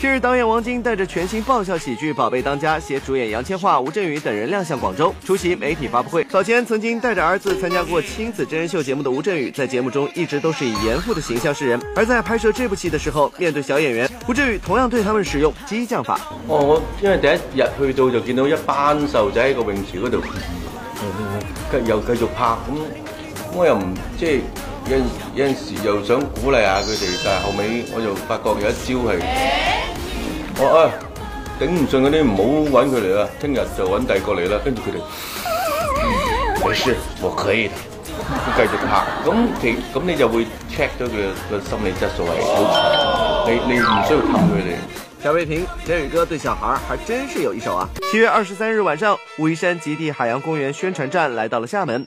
近日，導演王晶帶着全新爆笑喜劇《寶貝當家》，携主演楊千嬅、吳鎮宇等人亮相廣州，出席媒體發布會。早前曾經帶着兒子參加過親子真人秀節目的吳鎮宇，在節目中一直都是以嚴父的形象示人。而在拍攝這部戲的時候，面對小演員，吳鎮宇同樣對他們使用激將法。哦，我因為第一日去到就見到一班瘦仔喺個泳池嗰度，呃、嗯，繼又繼續拍，咁、嗯，我又唔即。有陣時，時又想鼓勵下佢哋，但係後尾我就發覺有一招係，我啊頂唔順嗰啲唔好揾佢嚟啦，聽日就揾第二個嚟啦。跟住佢哋，老、嗯、冇事，我可以，要繼續拍。咁其咁你就會 check 到佢個心理質素係好。你你唔需要氹佢哋。小薇平，小宇哥對小孩還真是有一手啊！七月二十三日晚上，武夷山極地海洋公園宣傳站來到了廈門。